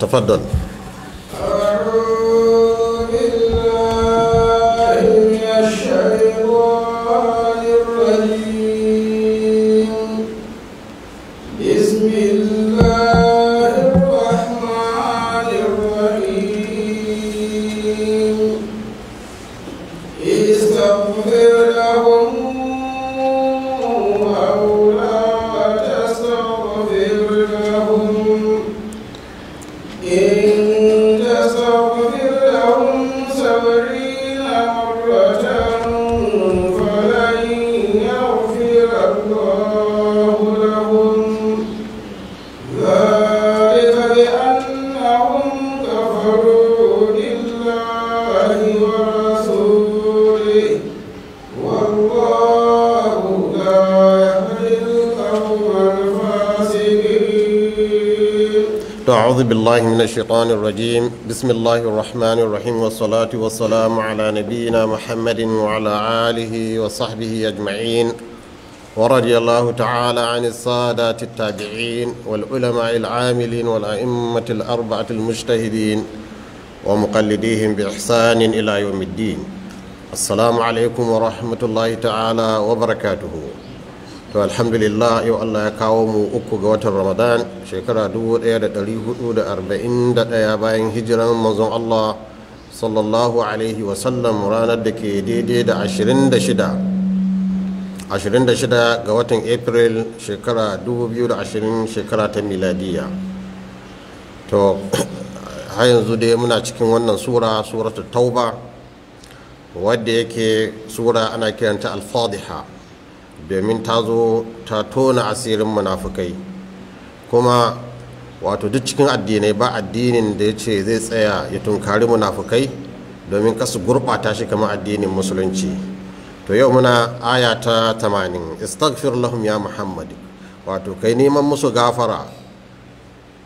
تفضل أعوذ بالله من الشيطان الرجيم بسم الله الرحمن الرحيم والصلاة والسلام على نبينا محمد وعلى آله وصحبه أجمعين ورضي الله تعالى عن السادات التابعين والعلماء العاملين والأئمة الأربعة المجتهدين ومقلديهم بإحسان إلى يوم الدين السلام عليكم ورحمة الله تعالى وبركاته to alhamdulillah yau Allah ya kawo mu uku ga watan ramadan shekara 1441 bayan hijiran manzon Allah sallallahu alaihi wasallam ranar da ke daidai da 26 26 ga watan april shekara 2020 shekara ta miladiya to har yanzu dai muna cikin wannan sura suratu tauba wadda yake sura ana kiranta al-fadiha domin ta zo ta tona asirin munafukai kuma wato duk cikin addinai ba addinin da ya ce zai tsaya ya tunkari munafukai domin kasu gurɓata shi kamar addinin musulunci to yau muna aya tamanin 80 lahum ya muhammad wato kai neman musu gafara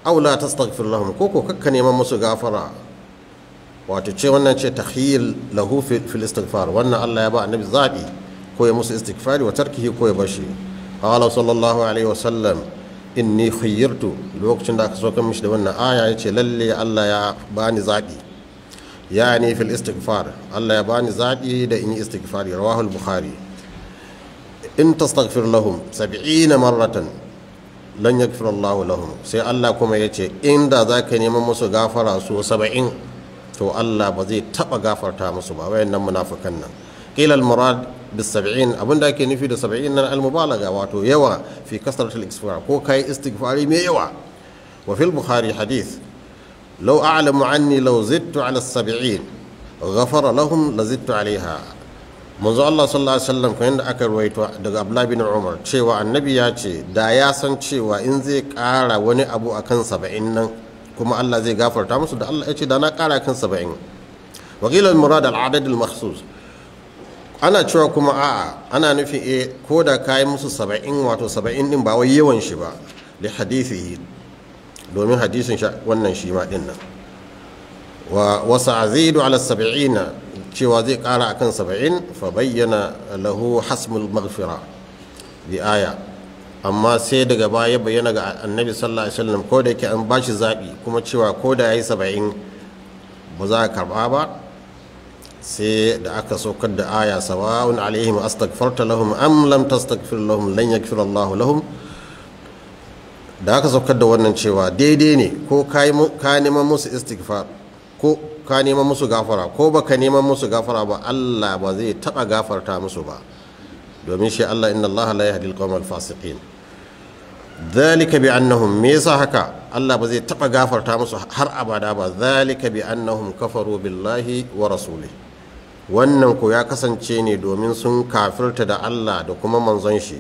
aula ta istagfir lahum ko ko kakka neman musu gafara wato ce wannan ce takhil lahu fil istighfar wannan Allah ya ba annabi zabi ko ya musu istighfari wa tarkihi ko ya bashi qala sallallahu alaihi wa sallam inni khayyartu lokacin da aka so kan mishi da wannan aya yace lalle Allah ya bani zabi yani fil istighfar Allah ya bani zabi da in yi istighfari rawahul bukhari in tastaghfir lahum 70 maratan lan yaghfir Allah lahum sai Allah kuma yace inda zaka neman musu gafara su 70 to Allah ba zai taba gafarta musu ba wayannan munafikan nan ƙilal al murad bisab'in da ake nufi da sab'in na almubalaga wato yawa fi kasratul istighfar ko kai istighfari mai yawa wa fil bukhari hadith law a'lamu anni law zidtu ala sab'in ghafara lahum lazidtu alaiha manzo Allah sallallahu alaihi wasallam kan da aka ruwaito daga Abdullah bin Umar cewa annabi ya ce da ya san cewa in zai kara wani abu akan saba'in nan kuma Allah zai gafarta musu da Allah ya ce da na kara kan saba'in wa qila al murad ana cewa kuma a'a ana nufi e ko da yi musu saba'in wato saba'in din ba wai yawan shi ba da hadithihi domin hadisin wannan shi ma din nan wa wasa azidu ala saba'ina cewa zai kara akan saba'in fa bayyana lahu hasmul maghfira bi aya amma sai daga baya bayyana ga annabi sallallahu alaihi wasallam ko da yake an bashi zabi kuma cewa ko da yayi saba'in ba za ka karba ba sai da aka saukar da aya sawa'un alaihim astagfarta lahum am lam tastaghfir lahum lan yaghfir Allah lahum da aka saukar da wannan cewa daidai ne ko ka neman musu istighfar ko ka neman musu gafara ko baka neman musu gafara ba Allah ba zai taba gafarta musu ba domin shi Allah inna Allah la yahdi al-qawmal fasiqin dhalika bi annahum me yasa haka Allah ba zai taɓa gafarta musu har abada ba zalika bi annahum kafaru billahi wa rasulihi wannan ko ya kasance ne domin sun kafirta da Allah da kuma manzon shi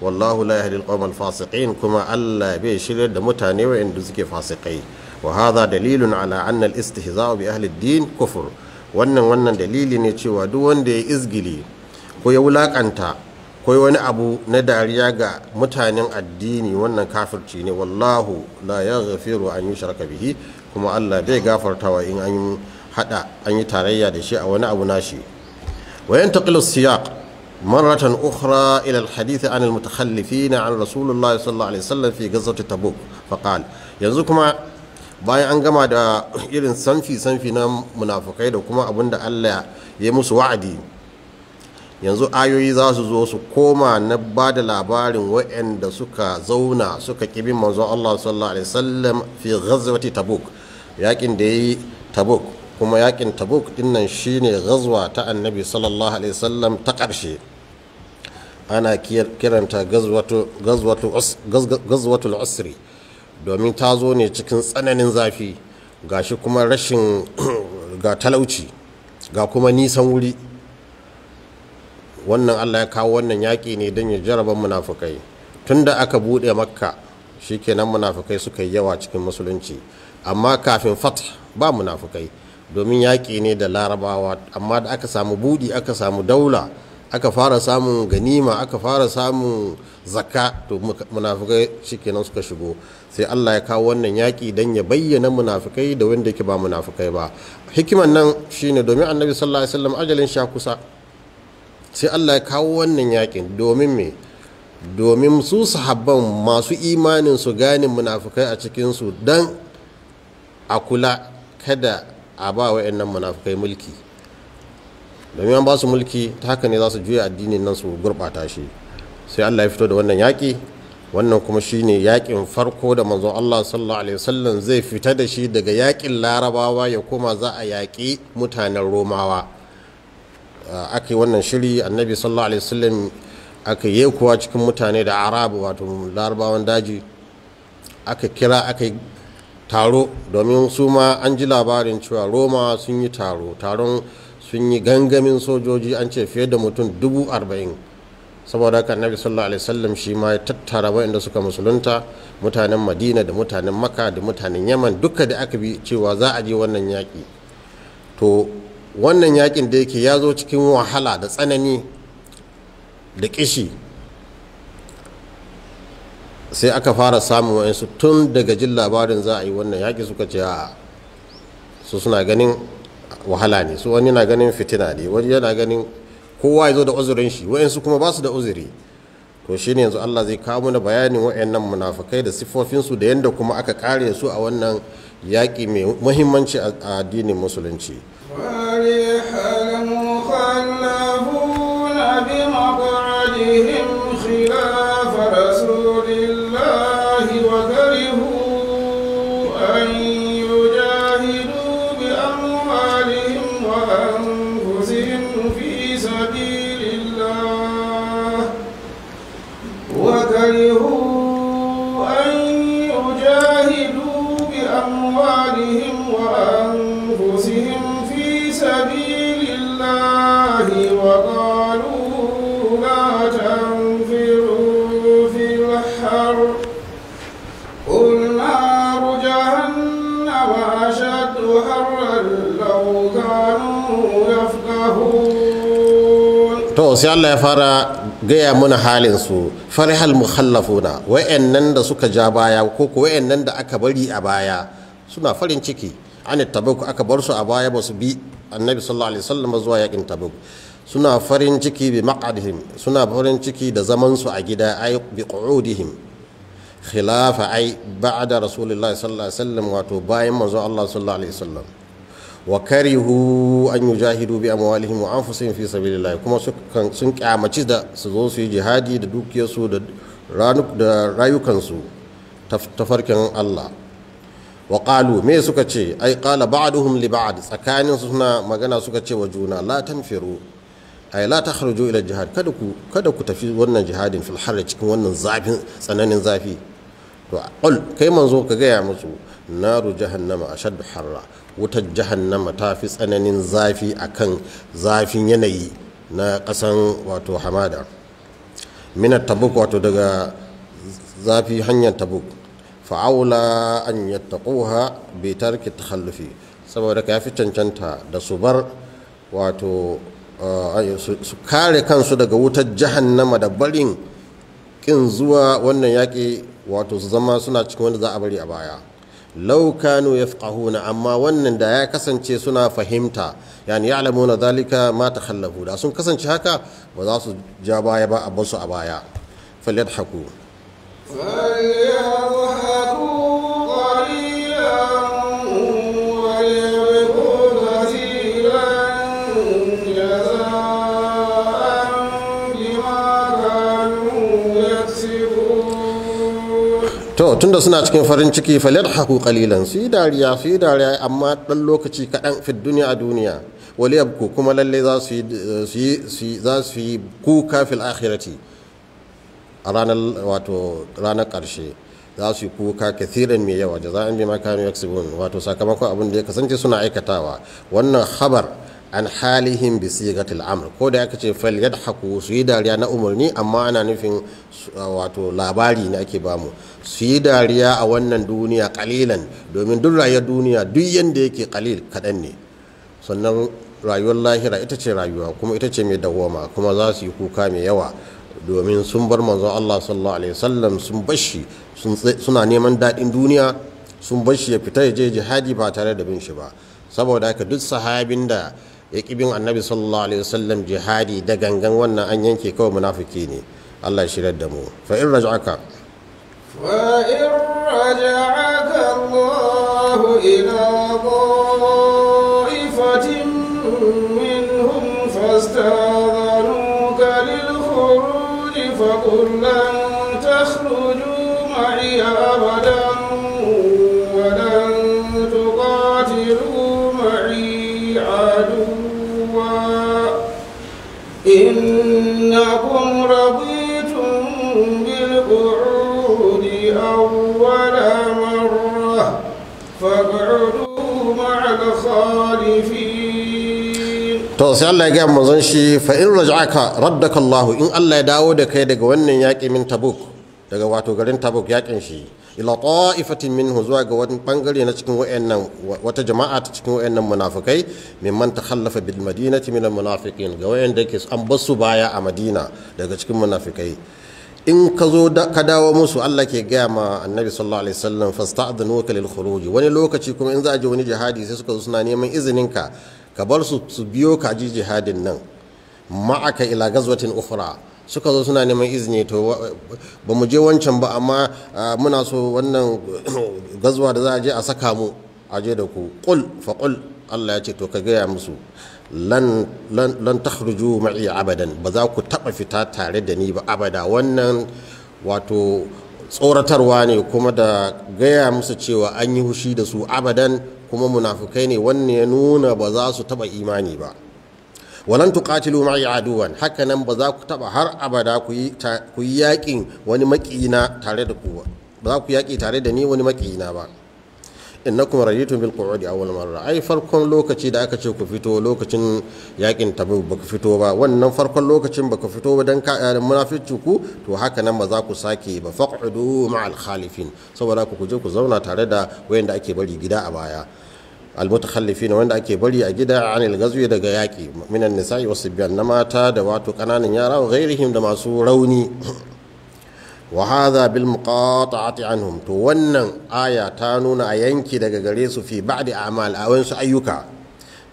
wallahu la yahdi al fasiqin kuma Allah bai shirya da mutane waɗanda suke fasikai wa hadha dalilun ala anna al-istihza'u bi ahli din kufur wannan wannan dalili ne cewa duk wanda ya izgili ko ya wulakanta ko wani abu na dariya ga mutanen addini wannan kafirci ne wallahu la yaghfiru an yushraka bihi kuma Allah bai gafartawa in an hada an yi tarayya da shi a wani abu nashi wayan yantaqilu siyaq maratan ukhra ila alhadith an almutakhallifin an rasulullahi sallallahu alaihi wasallam fi ghazwati tabuk faqal yanzu kuma bayan an gama da irin sanfi sanfi na munafukai da kuma abinda Allah ya musu wa'adi yanzu ayoyi za su zo su koma na ba da labarin waɗanda suka zauna suka kibin manzon Allah sallallahu alaihi wasallam fi ghazwati tabuk yakin da yi tabuk kuma yakin tabuk dinnan shine gazwa ta annabi sallallahu alaihi wasallam ta ƙarshe ana kiranta gazwatul usri domin ta zo ne cikin tsananin zafi ga shi kuma rashin ga talauci ga kuma nisan wuri wannan allah ya kawo wannan yaƙi ne don ya jaraban munafukai tunda aka buɗe makka shi shikenan munafukai suka yi yawa cikin musulunci amma kafin fat ba munafukai domin yaƙi ne da larabawa amma da aka samu budi aka samu daula aka fara samun ganima aka fara samun zakka to munafikai shikenan suka shigo sai Allah ya kawo wannan yaƙi don ya bayyana munafikai da wanda yake ba munafikai ba hikiman nan shine domin annabi sallallahu alaihi wasallam ajalin sha kusa sai Allah ya kawo wannan yaƙin domin me domin su sahabban masu imanin su gane munafikai a cikinsu don a kula kada a ba wa'annan munafukai mulki domin an ba su mulki ta haka ne za su juya addinin nan su gurɓata shi sai Allah ya fito da wannan yaƙi wannan kuma shine yaƙin farko da manzo Allah sallallahu alaihi wasallam zai fita da shi daga yaƙin larabawa ya koma za a yaƙi mutanen romawa aka yi wannan shiri annabi sallallahu alaihi wasallam aka yi kuwa cikin mutane da arabu wato larabawan daji aka kira aka taro domin su ma an ji labarin cewa roma sun yi taro taron sun yi gangamin sojoji an ce fiye da mutum dubu arba'in saboda haka annabi sallallahu alaihi wasallam shi ma ya tattara waɗanda suka musulunta mutanen madina da mutanen maka da mutanen yaman duka da aka bi cewa za a je wannan yaƙi to wannan yaƙin da yake ya zo cikin wahala da tsanani da kishi. sai aka fara samun wa'insu tun daga jin labarin za a yi wannan yaƙi suka ce a su suna ganin wahala ne su wani na ganin fitina ne wani yana ganin kowa ya zo da uzurin shi wa'insu kuma ba su da uzuri to shi ne yanzu allah zai kawo mana bayanin wa'annan munafukai da siffofinsu da yadda kuma aka kare su a wannan yaƙi mai muhimmanci a addinin musulunci to sai Allah ya fara gaya muna halin su farihal mukhallafuna nan da suka ja baya ko ko nan da aka bari a baya suna farin ciki an tabuk aka bar su a baya ba su bi annabi sallallahu alaihi wasallam zuwa yakin tabuk suna farin ciki bi maqadihim suna farin ciki da zaman su a gida ay bi qu'udihim khilafa ay ba'da rasulullahi sallallahu alaihi wasallam wato bayan manzo Allah sallallahu alaihi wasallam wa karihu an jahidu bi amwalihim wa anfusihim fi sabilillah kuma sun kyamaci da su zo su yi jihadi da dukiyarsu da da rayukansu tafarkin Allah wa qalu me suka ce ai qala ba'duhum li ba'd tsakanin suna magana suka ce wa juna la tanfiru ai la takhruju ila jihad kada ku tafi wannan jihadin fil da cikin wannan zafin tsananin zafi to kai manzo ka gaya musu naru jahannama ashaddu harra wutar jahannama ta fi tsananin zafi a kan zafin yanayi na ƙasan wato hamada minar tabuk wato daga zafi hanyar tabuk fa'aula an yi yattaquha bai tarki takhallufi saboda ka fi cancanta da su bar wato eh, su kare kansu daga wutar jahannama da barin ƙin zuwa wannan yaƙi wato su zama suna cikin wanda za a bari a baya law kanu yafqahuna amma wannan da ya kasance suna fahimta yani na zalika ma ta takhallafu da sun kasance haka ba za su ja baya ba a basu a baya falyadhaku falyadhaku qalilan to tunda suna cikin farin ciki haku kalilan su dariya su dariya amma dan lokaci kaɗan fi duniya a duniya wali yabku kuma lalle za su yi za su yi kuka fil akhirati a ranar wato ranar karshe za su yi kuka kathiran mai yawa jaza'an bima kanu yaksubun wato sakamakon abin da ya kasance suna aikatawa wannan habar an halihin bi sigatil amr ko da yake ce fal yadhaku su yi dariya na umarni amma ana nufin uh, wato labari ne ake bamu su yi dariya a wannan duniya kalilan domin duk rayuwar duniya duk yanda yake kalil kaɗan ne sannan rayuwar lahira ita ce rayuwa kuma ita ce mai dawoma kuma za su yi kuka mai yawa domin sun bar manzo Allah sallallahu alaihi wasallam sun bashi suna neman daɗin duniya sun bashi ya fita ya je jihadi ba tare da bin shi ba saboda haka duk sahabin da ya ƙibin annabi sallallahu alaihi wasallam jihadi da gangan wannan an yanke kawai munafiki ne Allah ya shirar da mu fa in raj'aka fa in raj'aka Allah ila qa'ifatin minhum fastadhanuka lil khuruj fa qul lan takhruju ma'i abadan to sai Allah ya ga manzon shi fa in raj'aka raddaka Allah in Allah ya dawo da kai daga wannan yaƙi min Tabuk daga wato garin Tabuk yaƙin shi ila ta'ifatin minhu zuwa ga wani bangare na cikin wayannan wata jama'a ta cikin wayannan munafikai mimman takhallafa bil madinati min al munafiqin ga wayanda ke an basu baya a Madina daga cikin munafikai in ka zo ka dawo musu Allah ke gaya ma annabi sallallahu alaihi wasallam fasta'dhinuka lil khuruj wani lokaci kuma in za a je wani jihadi sai suka zo suna neman izinin ka ka bar su su biyo ka ji jihadin nan ma'aka ila gazwatin ukhra suka zo suna neman izini to ba mu je wancan ba amma muna so wannan gazwa da za a je a saka mu a je da ku qul fa qul Allah ya ce to ka gaya musu lan takhruju ma'i abadan ba za ku taba fita tare da ni ba abada wannan wato tsoratarwa ne kuma da gaya musu cewa an yi hushi da su abadan kuma munafukai ne wannan ya nuna ba za su taba imani ba walan tuqatilu ma'i aduwan hakanan ba za ku taba har abada ku yi yaƙin wani tare da ku ba za ku yaƙi tare da ni wani maƙina ba innakum tun bil qu'udi awwal marra ai farkon lokaci da aka ce ku fito lokacin yakin tabu baka fito ba wannan farkon lokacin baka fito ba dan ka eh, munafici ku to haka nan ba za ku sake ba faq'udu ma'al khalifin saboda ku kuje ku zauna tare da wayanda ake bari gida a baya na wanda ake bari a gida an gazwi daga yaki minan nisa'i wasu biyan na mata da wato kananan yara wa ghairihim da masu rauni wa hadha bil muqata'ati anhum to wannan aya ta nuna a yanki daga gare su fi ba'di a'mal a wasu ayyuka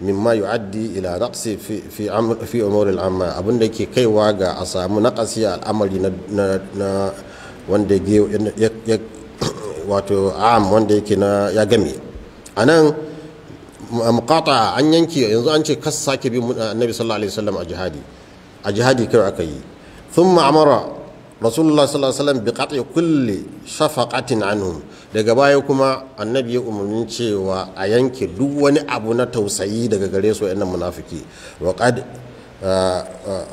mimma yu'addi ila naqsi fi fi fi umur al amma abinda ke kaiwa ga a samu naqasi al'amari na na wanda ya wato am wanda muqata an yanki yanzu an ce kas sake bi annabi sallallahu a jihadi kai amara rasulullah sallallahu alaihi wasallam bi qat'i kulli shafaqatin anhum daga baya kuma annabi ya umarni cewa a yanke duk wani abu na tausayi daga gare su wayannan munafiki wa qad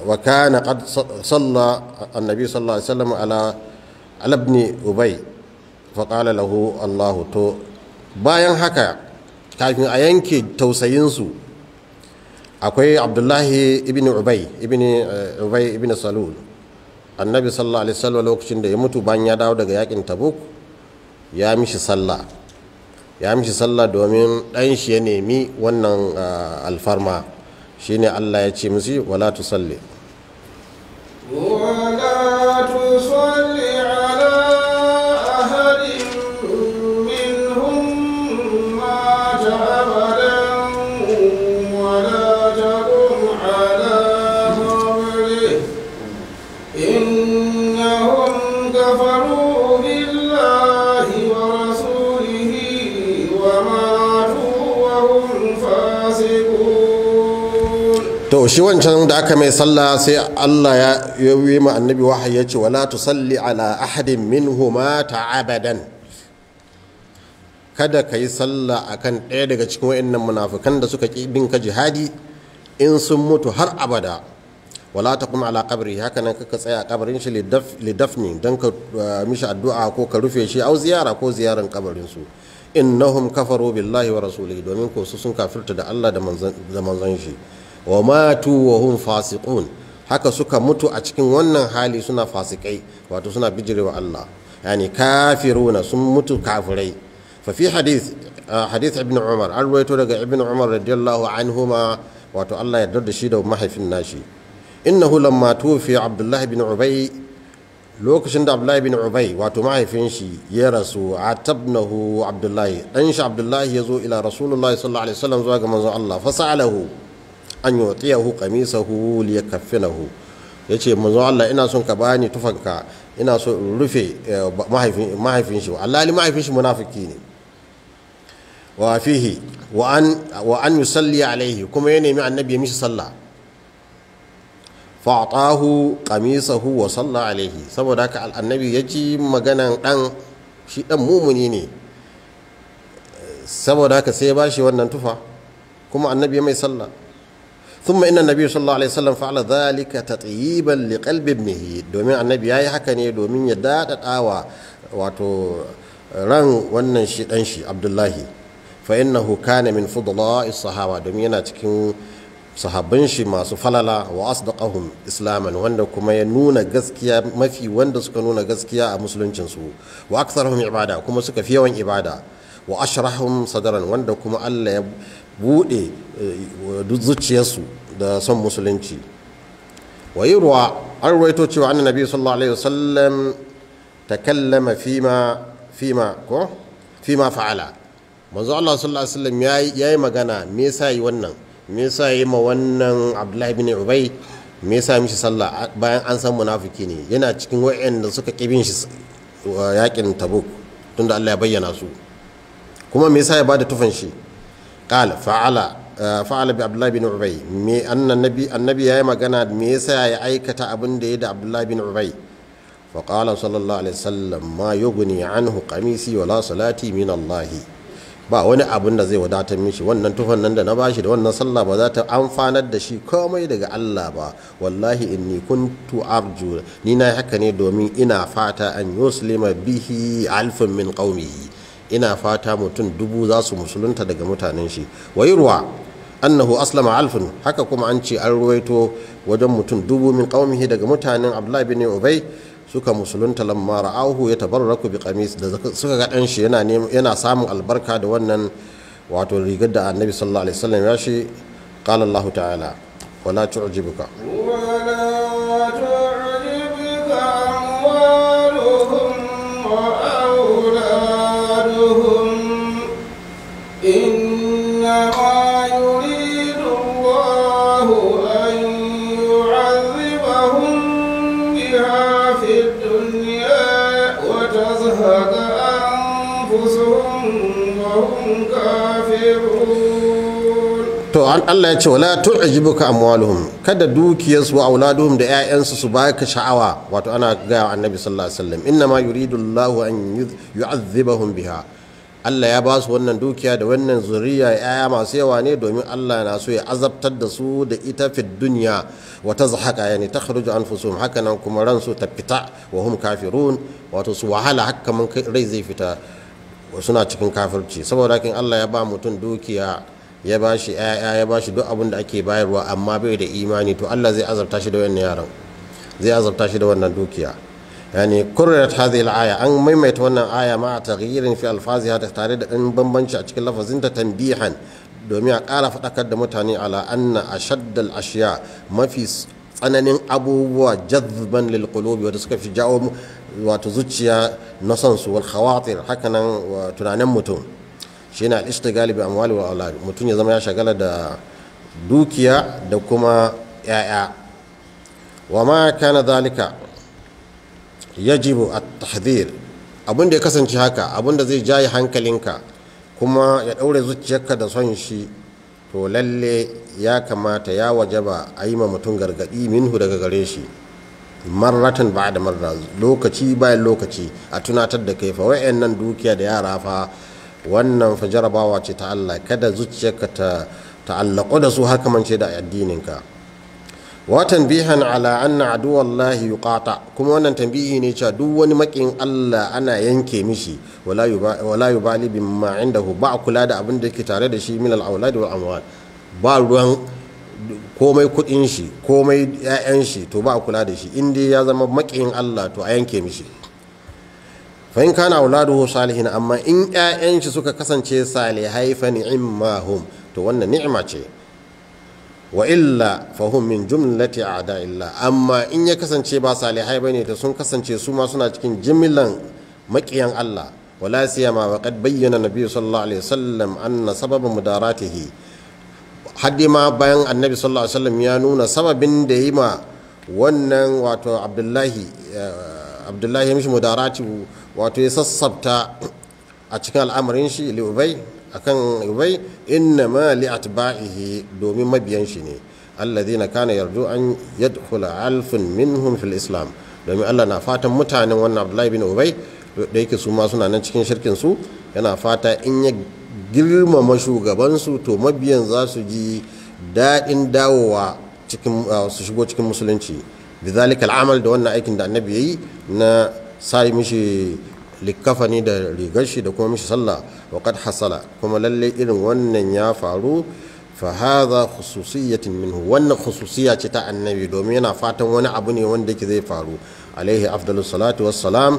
wa kana qad salla annabi sallallahu alaihi wasallam ala ala ibn ubay fa qala lahu allah to bayan haka kafin a yanke tausayin su akwai abdullahi ibn ubay ibn ubay ibn salul annabi sallallahu alaihi wasallam lokacin da ya mutu bayan ya dawo daga yakin tabuk ya mishi sallah ya mishi sallah domin ɗan shi ya nemi wannan ah, alfarma shine Allah ya ce musu wala tusalli wala tusalli shi wancan da aka mai sallah sai Allah ya yi ma annabi wahayi ya ce wala tusalli ala ahadin ta abadan kada ka yi sallah akan ɗaya daga cikin nan munafukan da suka ƙi bin ka jihadi in sun mutu har abada wala ta kuma ala kabari hakanan nan kaka tsaya a kabarin shi lidafni don ka uh, mishi addu'a ko ka rufe shi au ziyara ko ziyaran kabarin su innahum kafaru billahi wa rasulihi domin ko su sun kafirta da Allah da manzon shi wa matu wa hum fasiqun haka suka mutu a cikin wannan hali suna fasikai wato suna bijirewa Allah yani kafiruna sun mutu kafirai fa fi hadith hadith ibn Umar an ruwaito daga ibn Umar radiyallahu anhuma wato Allah ya da shi da mahaifin nashi innahu lamma tufi Abdullah ibn Ubay lokacin da abdullahi bin ubai wato mahaifin shi ya rasu a tabnahu abdullahi dan shi abdullahi ya zo ila Rasulullahi sallallahu alaihi wasallam zuwa ga manzon Allah fasalahu an yutiyahu qamisahu liyakaffinahu yace manzo Allah ina son ka bani tufanka ina so rufe eh, mahaifin mahaifin shi Allah mahaifin shi munafiki ne wa fihi wa an wa an yusalli alaihi kuma ya nemi annabi ya mishi sallah fa'atahu qamisahu wa salla alaihi saboda haka annabi ya ci maganan dan shi dan mumuni ne saboda haka sai ya bashi wannan tufa kuma annabi ya mai sallah ثم إن النبي صلى الله عليه وسلم فعل ذلك تطيبا لقلب ابنه دومين النبي ياي haka ne domin ya dadadawa wato ran wannan shi dan shi Abdullahi fa innahu kana min fudla'i sahaba domin yana cikin sahabban shi masu falala wa asdaqahum islaman wanda kuma ya nuna gaskiya mafi wanda suka nuna gaskiya a musuluncin su wa aktharuhum ibada kuma suka fi yawan ibada wa ashrahum sadaran wanda kuma Allah ya buɗe eh, zuciyarsu da son musulunci wa yi ruwa an ruwaito cewa annan nabi sallallahu alaihi wasallam ta kallama fima fima ko fima fa'ala manzo Allah sallallahu alaihi wasallam ya yi magana me yasa yi wannan me yasa yi ma wannan Abdullahi bin Ubay me yasa mishi sallah bayan an san munafiki ne yana cikin wayanda suka kibin shi yakin Tabuk tunda Allah ya bayyana su kuma me yasa ya bada tufan shi qala fa'ala fa'ala bi abdullahi bin ubay me annabi ya yi magana me yasa ya aikata abin da ya da abdullahi bin ubay fa qala sallallahu alaihi wasallam ma yughni anhu qamisi wala salati min allah ba wani abun da zai wadatar mishi wannan tufan nan da na bashi da wannan sallah ba za ta amfanar da shi komai daga Allah ba wallahi inni kuntu arju ni na haka ne domin ina fata an yuslima bihi alfin min qaumihi ina fata mutum dubu za su musulunta daga mutanen shi wai ruwa annahu aslama alfin haka kuma an ce an ruwaito wajen mutum dubu min kawamihi daga mutanen abdullahi bin ubai suka musulunta lamma ra'ahu ya tabarraku bi qamis da suka ga dan shi yana samun albarka da wannan wato rigar da annabi sallallahu alaihi wasallam ya shi qala ta'ala wala tu'jibuka wala to an Allah ya ce wala tu'jibuka amwaluhum kada dukiyarsu wa auladuhum da 'ya'yansu su baka sha'awa wato ana ga annabi sallallahu alaihi wasallam inna ma yuridu Allahu an yu'adhibahum biha Allah ya basu wannan dukiya da wannan zuriya 'ya'ya masu yawa ne domin Allah na so ya azabtar da su da ita fi dunya wa tazhaqa yani takhruju anfusuhum hakanan kuma ransu ta fita wa hum kafirun wato su wahala haka mun rai zai fita suna cikin kafirci saboda kin Allah ya ba mutum dukiya ya ba shi ya shi duk abin da ake bayarwa amma bai da imani to Allah zai azabta shi da wannan yaron zai azabta shi da wannan dukiya yani kurrat hadhihi al-aya an maimaita wannan aya ma taghyirin fi hada tare da dan bambanci a cikin lafazin ta tanbihan domin a kara faɗakar da mutane ala anna al ashiya mafi tsananin abubuwa jazban lil qulubi wanda suka fi jawo wato zuciya na son su wal khawatir hakanan tunanin mutum shi na galibi a amwali wa aulad mutum ya zama ya shagala da dukiya da kuma yaya wa ma kana zalika yajibu a a abin da ya kasance haka abin da zai jaye hankalinka kuma ya ɗaure zuciyarka da son shi to lalle ya kamata ya wajaba a yi ma mutum gargadi minhu daga gare shi marratan ba da marra lokaci bayan lokaci a tunatar da kai fa nan dukiya da yara fa wannan fa jarabawa ce ta Allah kada zuciyarka ta ta'allaku da su haka mance da addininka wa tanbihan ala anna aduwallahi yuqata kuma wannan tanbihi ne cewa duk wani makin Allah ana yanke mishi wala yubali bimma indahu ba kula da abin da yake tare da shi min al-aulad wal amwal ba ruwan komai kudin shi komai 'ya'yan shi to ba kula da shi in dai ya zama makin Allah to a yanke mishi fa in kana auladuhu salihin amma in ƴaƴan suka kasance salihai fa ni'immahum to wannan ni'ima ce wa illa fahim min min jumlati a'da illa amma in ya kasance ba salihai bane to sun kasance su ma suna cikin jimilan maƙiyan Allah wala siyama wa qad bayyana nabiyyu sallallahu alaihi wasallam anna sababa mudaratihi haddi ma bayan annabi sallallahu alaihi wasallam ya nuna sababin da yi ma wannan wato abdullahi eh, abdullahi ya mishi mudaratihi wato ya sassabta a cikin al'amarin shi li'ubai a kan liubai inna ma li atba'ihi domin mabiyan shi ne na kana yardu an yadkhula alfun minhum fil islam domin Allah na fatan mutanen wannan Abdullahi bin Ubay da yake su ma suna nan cikin shirkin su yana fata in ya girmama shugabansu to mabiyan za su ji daɗin dawowa cikin uh, su shigo cikin musulunci bizalika al'amal da wannan aikin da annabi ya yi na sai mishi likafani da rigar shi da kuma mishi sallah wa kad hasala kuma lalle irin wannan ya faru fa hadha khususiyatin minhu wannan khususiya ce ta annabi domin yana fatan wani abu ne wanda yake zai faru alaihi afdalus salatu wassalam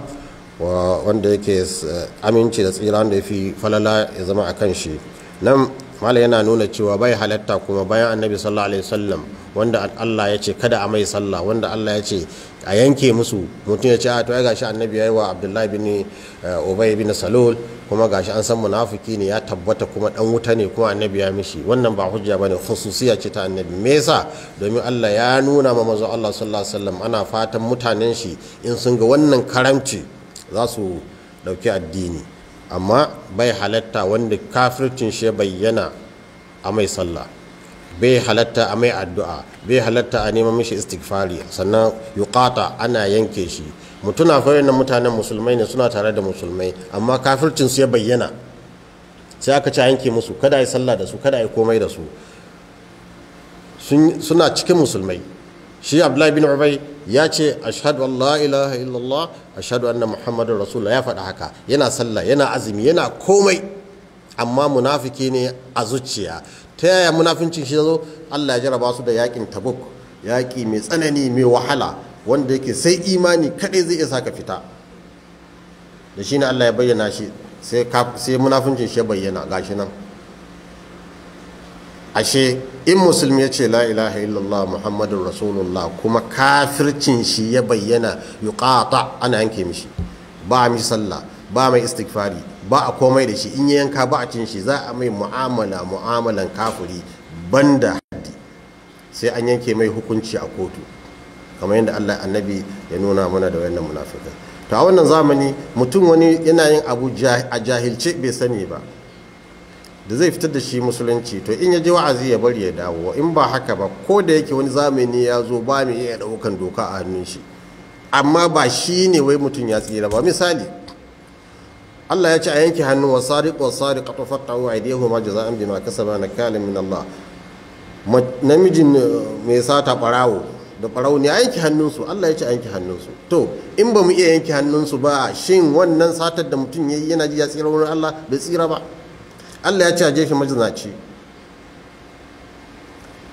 wanda yake eh, aminci da tsira da yafi falala ya zama a kan shi nan mala yana nuna cewa bai halatta kuma bayan annabi sallallahu alaihi wasallam wanda Allah ya ce kada a mai sallah wanda Allah ya ce a yanke musu mutum ya ce a to ai gashi annabi yayi wa Abdullahi bin eh, Ubay bin Salul kuma gashi an san munafiki ne ya tabbata kuma dan wuta ne kuma annabi ya mishi wannan ba hujja bane khususiya ce ta annabi me yasa domin Allah ya nuna ma manzo Allah sallallahu alaihi wasallam ana fatan mutanen shi in sun ga wannan karamci za su dauki addini amma bai halatta wanda kafircin shi bayyana a mai sallah bai halatta a mai addu'a bai halatta a neman mishi istighfari sannan yuqata ana yanke shi mutuna fa mutanen musulmai ne suna tare da musulmai amma kafircin su ya bayyana sai aka ci yanke musu kada yi sallah da su kada yi komai da su suna cikin musulmai shi abdullahi bin ubay ya ce ashhadu an la ilaha illallah ashhadu anna muhammadun rasulullah ya faɗi haka yana sallah yana azumi yana komai amma munafiki ne a zuciya ta yaya munafincin shi zo Allah ya jaraba su da yakin tabuk yaki mai tsanani mai wahala wanda yake sai imani kaɗai zai iya ka fita da shi ne Allah ya bayyana shi sai munafincin shi ya bayyana shi nan ashe in musulmi ya ce la ilaha illallah muhammadun rasulullah kuma kafircin shi ya bayyana yuqata ana yanke mishi ba mi sallah ba mai istighfari ba a komai da shi in ya yanka ba a cin shi za a mai mu'amala mu'amalan kafuri banda haddi sai an yanke mai hukunci a kotu kamar yadda Allah annabi ya nuna mana da wannan munafikai to a wannan zamani mutum wani yana yin abu a jahilce bai sani ba da zai fitar da shi musulunci to in ya je wa'azi ya bari ya dawo in ba haka ba ko da yake wani zamani ya zo ba mu iya daukan doka a hannun shi amma ba shi ne wai mutum ya tsira ba misali Allah ya ce a yanke hannu wa sariq wa sariq qatu faqahu ma jazaa'an bima kasaba nakalan min Allah namijin eh, mai sata barawo da barawo ne a yanke hannunsu Allah ya ce a yanke hannunsu to in ba mu iya yanke hannunsu ba shin wannan satar da mutum ya yi yana ji ya tsira wurin Allah bai tsira ba Allah ya ce a jefi majinaci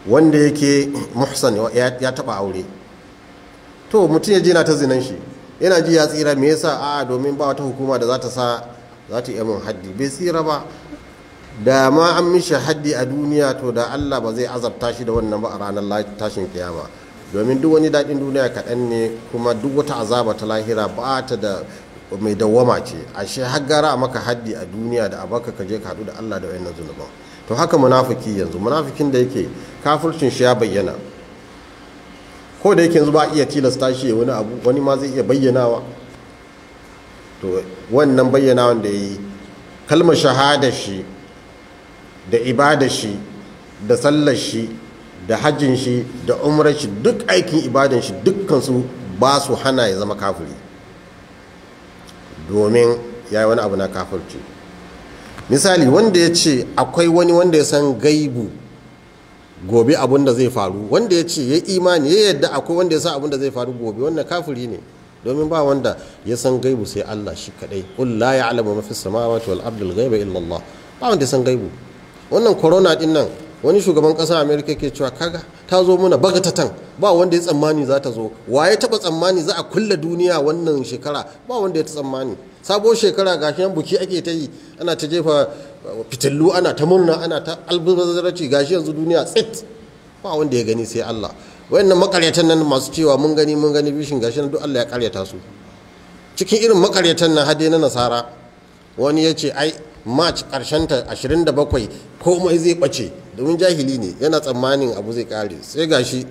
wanda yake muhsan ya taba aure to mutum ya ji na ta zinan shi yana ji ya tsira me yasa a domin ba wata hukuma da za ta sa za ta yi haddi bai tsira ba da ma an mishi haddi a duniya to da Allah ba zai azabta shi da wannan ba a ranar tashin kiyama domin duk wani daɗin duniya kaɗan ne kuma duk wata azaba ta lahira ba ta da mai dawwama ce ashe har gara a maka haddi a duniya da abaka ka je ka hadu da Allah da wayannan zunuban to haka munafiki yanzu munafikin da yake kafircin shi ya bayyana ko da yake yanzu ba iya tilasta shi wani abu wani ma zai iya bayyanawa to wannan bayyanawan da yi kalmar shahada shi da ibada shi da sallar shi da hajjin shi da umrar shi duk aikin ibadan shi dukkan su ba su hana ya zama kafiri domin ya yi wani abu na kafarci misali wanda ya ce akwai wani wanda ya san gaibu gobe abun da zai faru wanda ya ce ya imani ya yadda akwai wanda ya san abun da zai faru gobe wannan kafuri ne domin ba wanda ya san gaibu sai Allah shi kadai qul la ya'lamu ma fis samawati wal ardi al ghaiba illa Allah ba wanda ya san gaibu wannan corona din nan wani shugaban ƙasar amerika ke cewa kaga ta zo muna bagatatan ba wanda ya tsammani za ta zo ya taba tsammani za a kulle duniya wannan shekara ba wanda ya tsammani sabo shekara ga yan buki ake ta yi ana ta jefa uh, fitillu ana ta murna ana ta albazarci gashi yanzu duniya tsit ba wanda ya gani sai Allah wayannan makaryatan nan masu cewa mun gani mun gani bishin gashi na, duk Allah ya karyata su cikin irin makaryatan nan hade na nasara wani ya ce ai march karshenta 27 komai zai bace domin jahili ne yana tsammanin abu zai kare sai gashi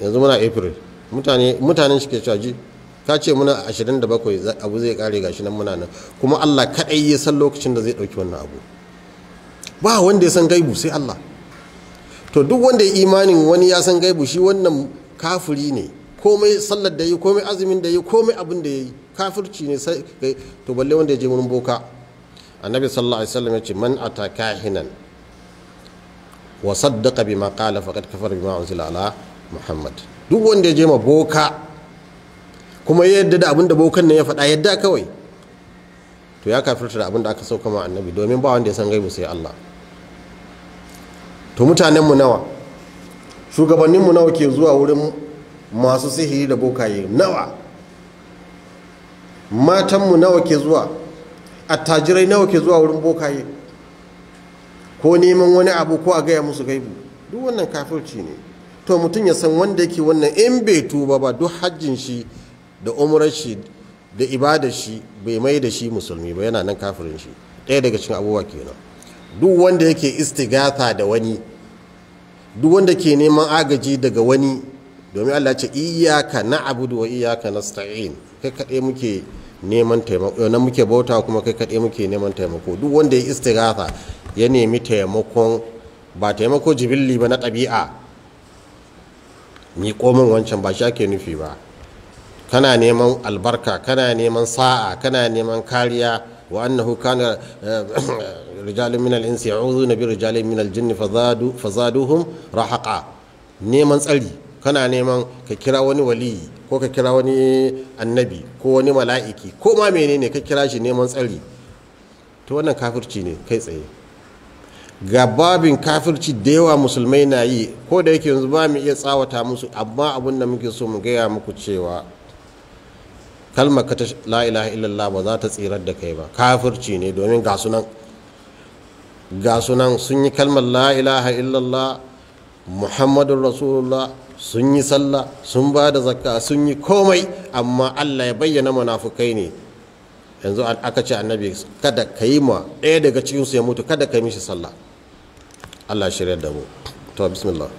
yanzu muna april mutanen shi ke caji ka ce muna 27 abu zai kare gashi nan muna nan kuma allah kaɗai ya san lokacin da zai ɗauki wannan abu ba wanda ya san gaibu sai allah to duk wanda ya imanin wani ya san gaibu shi wannan kafiri ne komai sallar da yi komai azumin da yi komai abin da yi kafirci ne sai to balle wanda ya je wurin boka annabi sallallahu alaihi wasallam yace man ata kahinan wa saddaqa bima qala faqad kafara bima unzila ala muhammad duk wanda ya je ma boka kuma ya yadda da abin da bokan ne ya faɗa yadda kawai to ya kafirta da abin da aka sauka ma annabi domin ba wanda ya san gaibu sai Allah to mutanen mu nawa shugabannin mu nawa ke zuwa wurin masu sihiri da bokaye nawa matan mu nawa ke zuwa attajirai nawa ke zuwa wurin bokaye ko neman wani abu ko a gaya musu gaibu duk wannan kafirci ne to mutum ya san wanda yake wannan in bai tuba ba duk hajjin shi da umarar shi da ibadar shi bai mai da shi musulmi ba yana nan kafirin shi ɗaya daga cikin abubuwa kenan duk wanda yake istigata da wani duk wanda ke neman agaji daga wani domin Allah ce iyaka na abudu wa iyaka nasta'in kai kaɗai muke neman taimako nan muke bauta kuma kai kaɗai muke neman taimako duk wanda ya istighatha ya nemi taimakon ba taimako jibilli ba na ɗabi'a ni komin wancan ba shi ake nufi ba kana neman albarka kana neman sa'a kana neman kariya wa annahu kana eh, rijalun min al-insi ya'udhu bi rijalun min al-jinni fazaduhum rahaqa neman tsari kana neman ka kira wani waliyi ko ka kira wani annabi ko wani mala'iki ko ma menene ka kira shi neman tsari to wannan kafirci ne kai tsaye ga babin kafirci da yawa musulmai na yi ko da yake yanzu ba mu iya tsawata musu amma abin da muke so mu gaya muku cewa kalmar ka ta illallah ba za ta tsirar da kai ba kafirci ne domin ga sunan ga sunan sun yi kalmar la ilaha illallah muhammadun rasulullah sun yi sallah sun ba da zakka sun yi komai amma Allah ya bayyana munafukai ne yanzu aka ce annabi kada ka yi ma ɗaya daga cikinsu ya mutu kada ka yi mishi sallah Allah shirya da mu to bismillah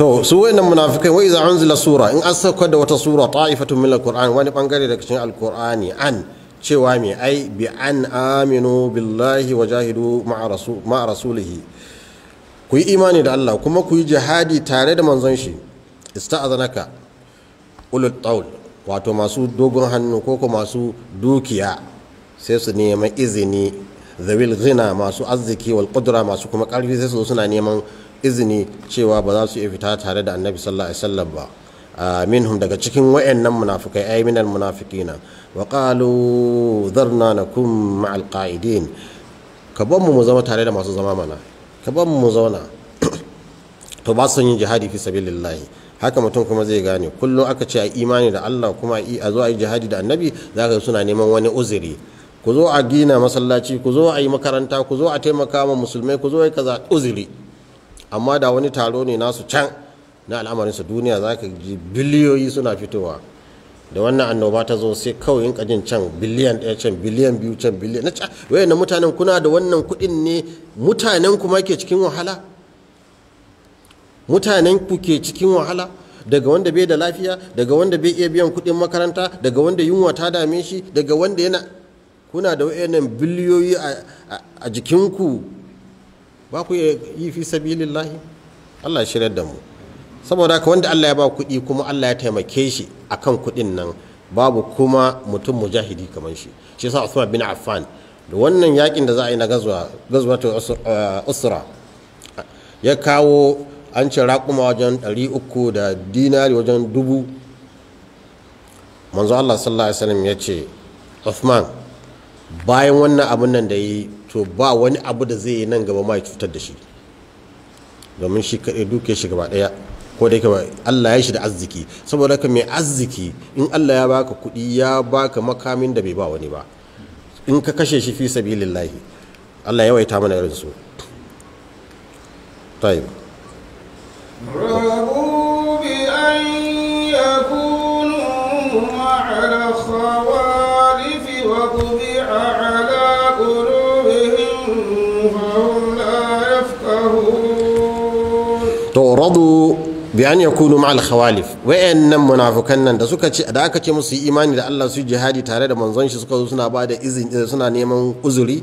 to su wayannan munafikai wa idza unzila sura in an sauka da wata sura ta ta'ifatun min alquran wani bangare daga cikin alqurani an cewa mai ai bi an aminu billahi wa jahidu ma'a rasulihi ku yi imani da Allah kuma ku yi jihadi tare da manzon shi ista'azanaka ulul taul wato masu dogon hannu ko ko masu dukiya sai su neman izini zawil zina masu arziki wal qudra masu kuma karfi sai su suna neman izini cewa ba za su iya fita tare da annabi sallallahu alaihi wasallam ba ah, minhum daga cikin wayannan munafikai ay minal munafiqina wa qalu dharna nakum ma'al qa'idin ka ban mu zama tare da masu zama mana ka ban mu zauna to ba su yin jihadi fi sabilillahi haka mutum kuma zai gane kullum aka ce a imani da Allah kuma a zo a yi jihadi da annabi za ka suna neman wani uzuri ku zo a gina masallaci ku zo a yi makaranta ku zo a taimaka wa musulmai ku zo a yi kaza uzuri amma da wani taro ne nasu can na al'amarin su duniya za ka ji biliyoyi suna fitowa da wannan annoba ta zo sai kawai in kajin can biliyan ɗaya can biliyan biyu can biliyan na wayan na mutanen kuna da wannan kuɗin ne mutanen kuma ke cikin wahala mutanen ku ke cikin wahala daga wanda bai da lafiya daga wanda bai iya biyan kuɗin makaranta daga wanda yunwa ta dame shi daga wanda yana kuna da wayannan biliyoyi a jikinku ba ku yi fi sabilillahi Allah ya shirar da mu saboda haka wanda Allah ya ba kuɗi kuma Allah ya taimake shi akan kuɗin nan babu kuma mutum mujahidi kamar shi shi yasa Usman bin Affan da wannan yakin da za a yi na gazuwa gazuwa ta uh, usra ya kawo an ce raƙuma wajen 300 da dinari wajen dubu manzo Allah sallallahu alaihi wasallam ya ce Uthman bayan wannan abin nan da yi to ba wani abu da zai yi nan gaba ma ya cutar da shi domin shi kaɗai duke shi gaba ɗaya ko da yake Allah ya shi da arziki saboda ka mai arziki in Allah ya baka kuɗi ya baka makamin da bai ba wani ba in ka kashe shi fi sabilillahi Allah ya waita mana irin su rabu bi an yaku To tu'radu bi an yakunu ma'al khawalif wayannan munafukan nan da suka ce da aka ce musu imani da Allah su jihadi tare da manzon shi suka zo suna ba da izini eh, suna neman uzuri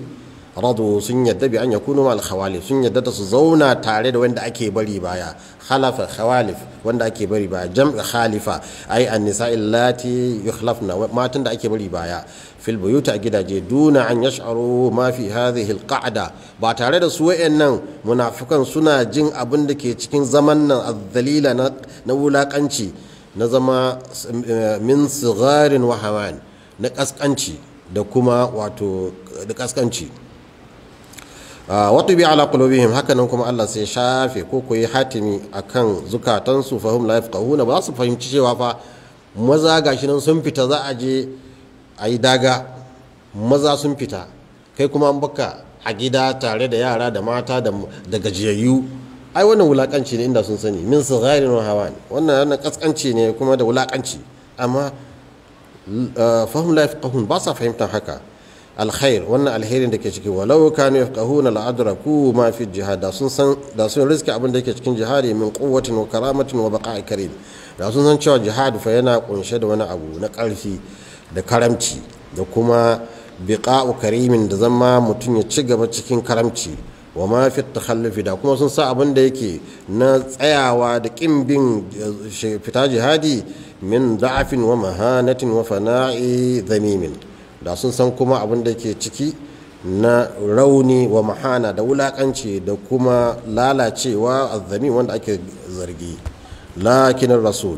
radu sun yadda bi an yakunu ma'al khawalif sun yadda da su zauna tare da wanda ake bari baya khalafa khawalif wanda ake bari baya jam'i khalifa ai an-nisa'il lati yukhlafna matan da ake bari baya fil buyuta a gidaje duna an yash'aru ma fi hadhihi alqa'da ba tare da su wayannan munafukan suna jin abin da ke cikin zaman nan dalila na wulakanci na zama eh, min sigarin wa hawan na kaskanci da kuma wato da kaskanci ah, wato bi ala qulubihim hakanan kuma Allah sai shafe ko koyi hatimi akan zukatansu fahim la yafqahuna ba su fahimci cewa fa maza gashi nan sun fita za a je a yi daga maza sun fita kai kuma an baka a gida tare da yara da mata da gajiyayyu ai wannan wulakanci ne inda sun sani min sigharin hawan wannan wannan kaskanci ne kuma da wulakanci amma eh, fahim la yafqahun ba sa fahimtar haka alkhair wannan alherin da ke ciki walau kanu yafqahuna la adraku ma fi jihad da sun san da sun riski abin da yake cikin jihadi min quwwatin wa karamatin wa baqa'i karim da sun san cewa jihad fa yana kunshe da wani abu na karfi da karamci da kuma Biƙa'u karimin da zama mutum ya ci gaba cikin karamci wa ma fi da kuma sun sa abin da yake na tsayawa da ƙin bin eh, fita jihadi min da'afin wa mahanatin wa fana'i zamimin da sun san kuma abin da yake ciki na rauni wa mahana da wulaƙanci da kuma lalacewa azzami wanda ake zargi lakin rasul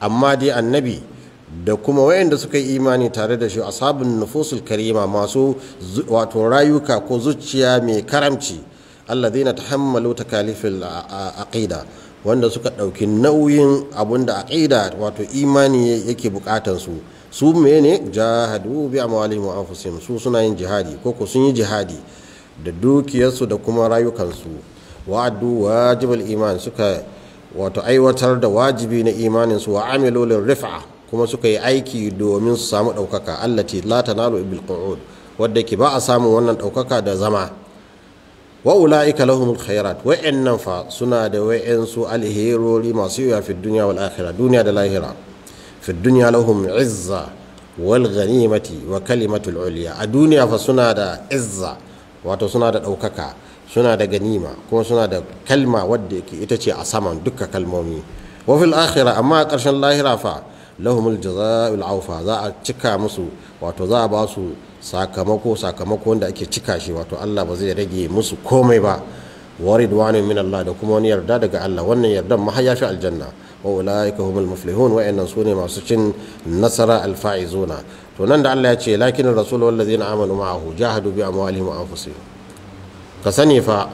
amma dai annabi da kuma wayanda suka yi imani tare da shi a ashabun nufusul karima masu wato rayuka ko zuciya mai karamci allah alladhina tahammalu takalifil aqida wanda suka dauki nauyin abun da aqida wato imani yake bukatan su su mene jahadu bi amwalihim wa anfusihim su suna yin jihadi ko ko sun yi jihadi da dukiyarsu da kuma rayukansu wa'adu wajibul iman suka wato aiwatar da wajibi na imanin su wa amilu rif'a kuma suka yi aiki domin su samu ɗaukaka allati la tanalu bil qu'ud wadda ke ba a samun wannan ɗaukaka da zama wa ulaika lahumul khairat wa'annan fa suna da wa'ansu alherori masu yawa fi dunya wal akhirah duniya da lahira fi dunya lahum izza wal ghanimati wa kalimatul ulya a duniya fa suna da izza wato suna da ɗaukaka suna da ganima kuma suna da kalma wadda yake ita ce a saman duka kalmomi wa fil akhirah amma a ƙarshen lahira fa lahumul jazaa'ul aufa za a cika musu wato za a ba su sakamako sakamako wanda ake cika shi wato Allah ba zai rage musu komai ba wa ridwanu min Allah da kuma wani yarda daga Allah wannan yardan ma ya fi aljanna wa ulaika humul muflihun wa innan sune masu cin nasara alfaizuna to nan da Allah ya ce lakin rasul wallazina amanu ma'ahu jahadu bi amwalihim wa anfusihim ka sani fa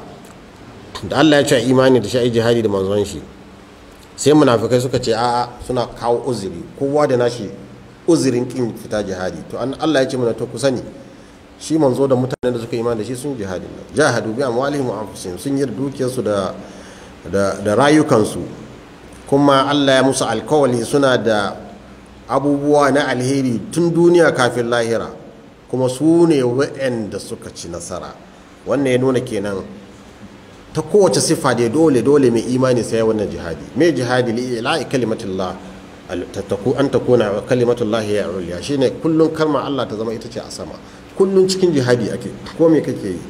da Allah ya ce imani da sha'i jihadi da manzon shi sai munafikai suka ce a'a suna kawo uzuri kowa da nashi uzurin kin fita jihadi to an Allah ya ce mana to ku sani shi manzo da mutanen da suka imani da shi sun jihadin nan jahadu bi amwalihim wa anfusihim sun yi dukiyarsu da da rayukansu kuma Allah ya musu alkawali suna da abubuwa na alheri tun duniya kafin lahira kuma su ne waɗanda suka ci nasara wannan ya nuna kenan ta kowace siffa da dole dole mai imani sai wannan jihadi mai jihadi li ila'i kalimatullah an ta kona kalimatullah ya shi shine kullun kalma Allah ta zama ita ce a sama kullun cikin jihadi ake ko me kake yi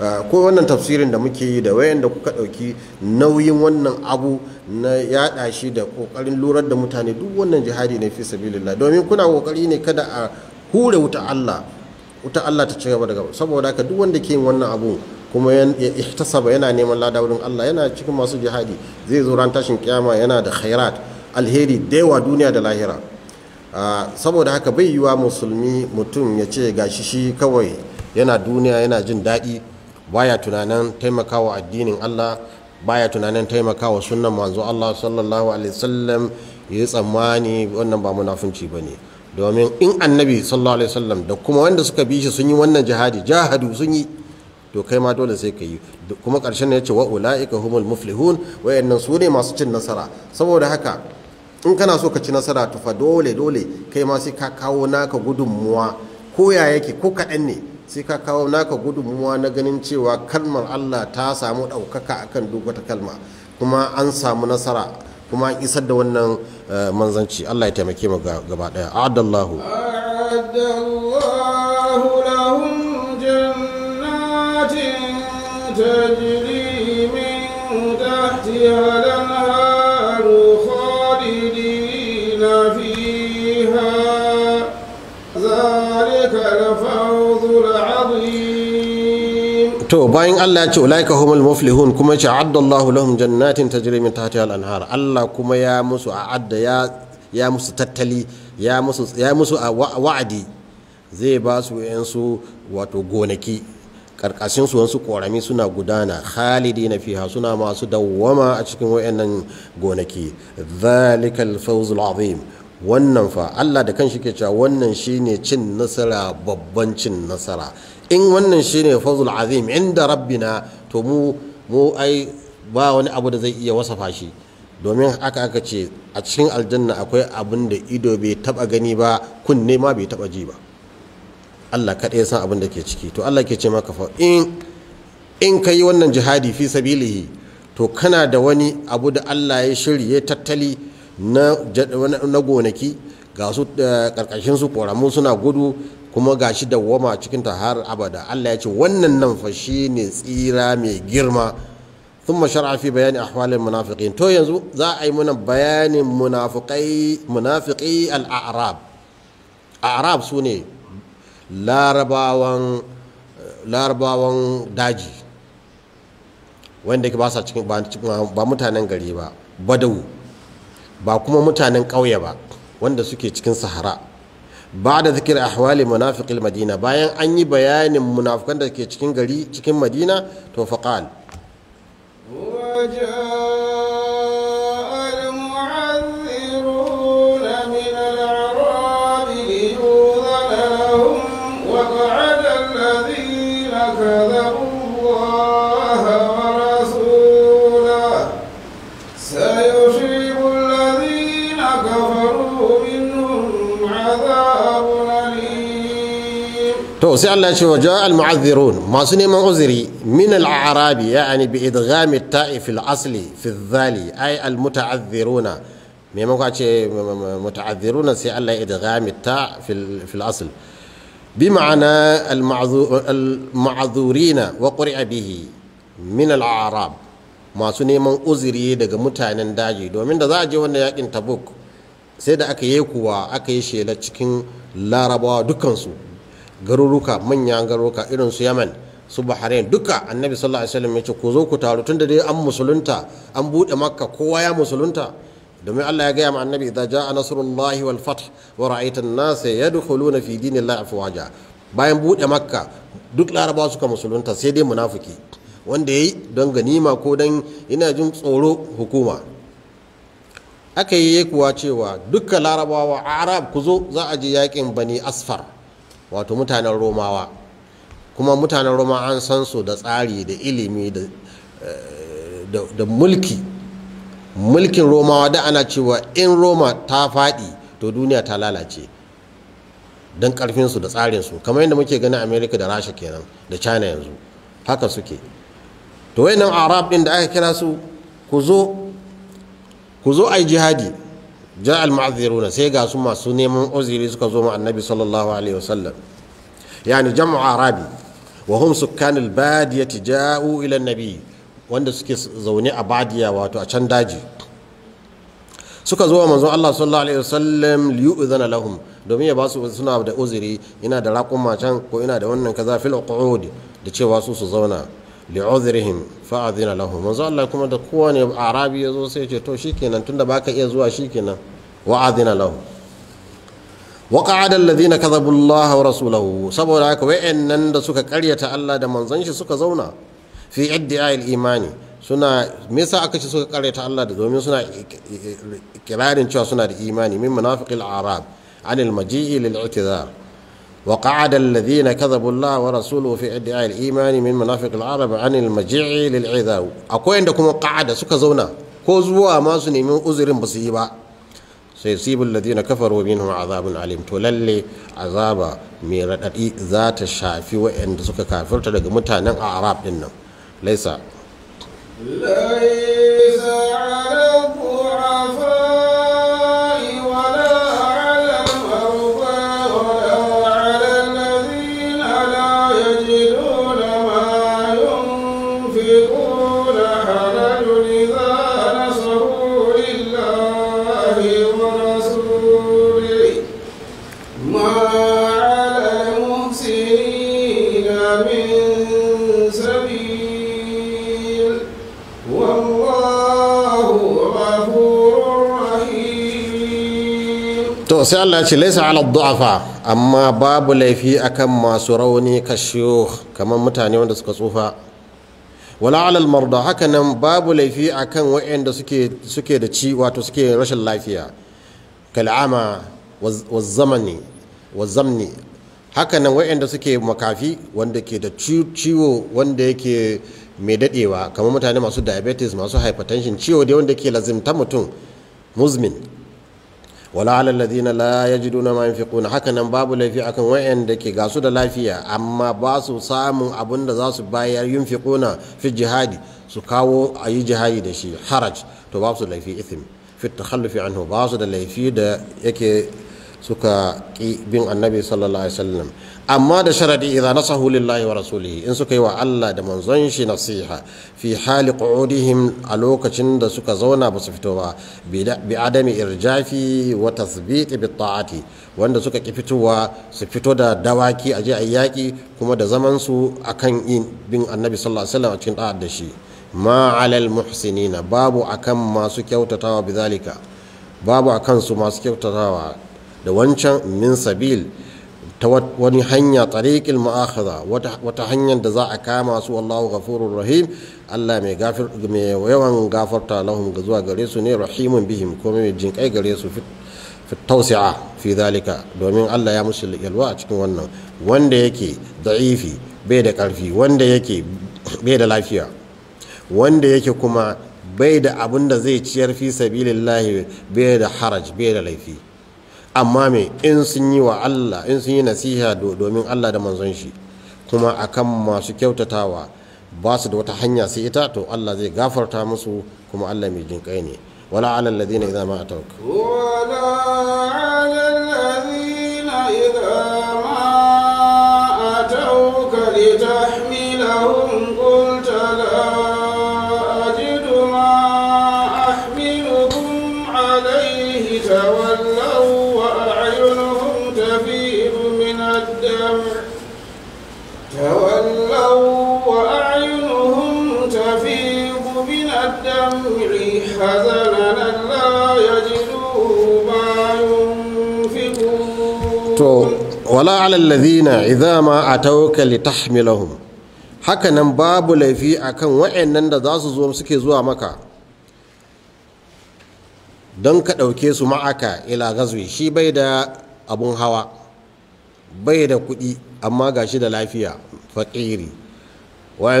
ah, ko wannan tafsirin da muke yi da wayan da kuka ɗauki nauyin wannan abu na yaɗa shi da kokarin lurar da mutane duk wannan jihadi ne fi sabilillah domin kuna kokari ne kada a hure wuta Allah wuta Allah ta ci gaba da gaba saboda haka duk wanda ke yin wannan abu kuma ya ihtasaba yana neman lada wurin Allah yana cikin masu jihadi zai zo ran tashin kiyama yana da khairat alheri da yawa duniya da lahira ah, saboda haka bai yiwa musulmi mutum ya ce gashi shi kawai yana duniya yana jin daɗi baya tunanin taimakawa addinin Allah baya tunanin taimakawa sunnan manzo Allah sallallahu alaihi wasallam yi tsammani wannan ba munafunci bane domin in annabi sallallahu alaihi wasallam da kuma wanda suka bi shi sun yi wannan jihadi jahadu sun yi to kai ma dole sai ka yi kuma ƙarshen ya ce wa ula'ika humul muflihun wayannan su ne masu cin nasara saboda haka in kana so ka ci nasara tufa dole dole kai ma sai ka kawo naka gudunmuwa ko ya yake ko kaɗan ne sai ka kawo naka gudunmuwa na ganin cewa kalmar Allah ta samu ɗaukaka akan duk wata kalma kuma an samu nasara kuma an isar da wannan Eh, manzanci Allah ya taimake mu gaba daya adallahu adallahu lahum jannatin tajri min tahtiha to bayan Allah ya ce ulaika humul muflihun kuma ya ce addallahu lahum jannatin tajri min tahtiha al-anhar Allah kuma ya musu a'adda ya ya musu tattali ya musu ya musu wa'adi zai ba su yansu wato gonaki karkashin su wasu korami suna gudana khalidi na fiha suna masu dawwama a cikin wayannan gonaki zalikal fawzul azim wannan fa Allah da kanshi ke cewa wannan shine cin nasara babban cin nasara in wannan shine fazul azim inda rabbina to mu mu ai ba wani abu da zai iya wasafa shi domin aka aka ce a cikin aljanna akwai abin da ido bai taba gani ba kunne ma bai taba ji ba Allah kaɗai san abin da ke ciki to Allah ke ce maka fa in in ka yi wannan jihadi fi sabilihi to kana da wani abu da Allah ya shirye tattali na gonaki ga su karkashin eh, su koramu suna gudu kuma gashi dawwama cikin ta har abada Allah ya ce wannan nan fa shine tsira mai girma thumma shar'a fi bayani ahwalil munafiqin to yanzu za a yi mana bayanin munafiqai munafiqi al-a'rab a'rab sune larabawan larabawan daji wanda ba sa cikin ba mutanen gari ba badawu ba kuma mutanen ƙauye ba wanda suke cikin sahara ba da zikir ahwali munafikin madina bayan an yi bayanin munafukan da ke cikin gari cikin madina to faqal كذبوا sai Allah ya ce wajen ja'al masu neman uzuri min al-a'rabi ya'ani bi idgham at-ta'i fil asli fi zali ay al-muta'adhdhiruna maimakon a ce sai Allah ya idgham at-ta' fil asl bi ma'ana al-ma'dhurina wa quri'a bihi min al-a'rab masu neman uzuri daga mutanen daji domin da za a je wannan yakin tabuk sai da aka yi kuwa aka yi shela cikin larabawa dukansu garuruka manyan garuruka irin su yamen su bahrain duka annabi sallallahu alaihi wasallam ya ce ku zo ku taru tunda dai an musulunta an buɗe makka kowa ya musulunta domin Allah ya gaya ma annabi idza jaa nasrullahi wal fath wa ra'aita an-nas yadkhuluna fi dinillahi afwaja bayan buɗe makka duk laraba suka musulunta sai dai munafiki wanda yayi don ganima ko don ina jin tsoro hukuma aka yi kuwa cewa duka larabawa arab ku zo za a je yakin bani asfar wato mutanen romawa kuma mutanen roma an san su da tsari da ilimi eh, da mulki mulkin romawa da ana cewa in roma ta faɗi to duniya ta lalace don ƙarfinsu da tsarinsu kamar yadda muke gani amerika da rasha kenan da china yanzu haka suke to wayannan arab ɗin da aka kira su ku zo ku zo ai jihadi ja al-ma'dhiruna sai ga su masu neman uzuri suka zo ma annabi sallallahu alaihi wasallam yani jam'u arabi wa hum sukkanul badiyati ja'u ila nabi wanda suke zaune a badiya wato a can daji suka zo wa manzon Allah sallallahu alaihi wasallam liyu'zana lahum domin ya basu suna da uzuri ina da raƙuma can ko ina da wannan kaza fil uqud da cewa su su zauna li'udhrihim fa adina lahu manzo Allah kuma da kowane arabi yazo sai ce to shikenan tunda baka iya zuwa shikenan wa adina lahu wa qa'ada alladhina kadhabu Allah wa rasulahu saboda haka wayannan da suka karyata Allah da manzon shi suka zauna fi iddi'il imani suna me yasa aka ce suka karyata Allah da domin suna kirarin cewa suna da imani min munafiqil arab anil maji'i lil i'tizar وقعد الذين كذبوا الله ورسوله في ادعاء الايمان من منافق العرب عن المجيء للعذاب akwai inda kuma qa'ada suka zauna ko zuwa ma su nemi uzurin basu yi ba sai sibul ladina kafaru minhum azabun alim to lalle azaba mai radadi zata ta shafi wa'anda suka kafirta daga mutanen arab din nan laisa to sai Allah ce laisa ala du'afa amma babu laifi akan masu rauni kashiyo kamar mutane wanda suka tsufa wala alal marda hakanan babu laifi akan wa'anda suke suke da ci wato suke rashin lafiya kal'ama wazzamani wazzamni hakanan wa'anda suke makafi wanda ke da ciwo wanda yake mai dadewa kamar mutane masu diabetes masu hypertension ciwo dai wanda ke lazimta mutum muzmin wala ala alladhina la yajiduna ma yunfiquna haka nan babu laifi akan wayanda ke gasu da lafiya amma ba su samun abin da za su bayar yunfiquna fi jihadi su kawo ayi jihadi da shi haraj to ba su laifi ithim fi takhallufi anhu ba su da laifi da yake suka ki bin annabi sallallahu alaihi wasallam amma da sharadi idza nasahu lillahi wa rasulihi in suka yi wa Allah da manzon shi nasiha fi hali qu'udihim a lokacin da suka zauna ba su fito ba bi adami irjafi wa tasbiti bi ta'ati wanda suka ki fitowa su fito da dawaki aje a yaki kuma da zaman su akan yin bin annabi sallallahu alaihi wasallam a cikin ta'ad da shi ma alal muhsinina babu akan masu kyautatawa zalika babu akan su masu kyautatawa da wancan min sabil ta wani hanya tariqil mu'akhadha wata hanyar da za a kama su wallahu ghafurur rahim Allah mai yawan gafarta lahum ga zuwa gare su ne rahimun bihim kuma mai jinkai gare su tausi'a fi zalika domin Allah ya musu yalwa a cikin wannan wanda yake da'ifi bai da karfi wanda yake bai da lafiya wanda yake kuma bai da abin da zai ciyar fi sabilillahi bai da haraj bai da laifi amma me in sun yi wa Allah in sun yi nasiha domin Allah da manzon shi kuma akan masu kyautatawa ba su da wata hanya sai ita to Allah zai gafarta musu kuma Allah mai jin ne wala ala alladhina idza ma atawka wala ala alladhina idza wala alallazina iza ma atawka litahmilahum haka hakanan babu laifi akan wa'annan da za su zo suke zuwa maka don ka ɗauke su ma'aka ila gazwe shi bai da abun hawa bai da kuɗi amma ga shi da lafiya faƙiri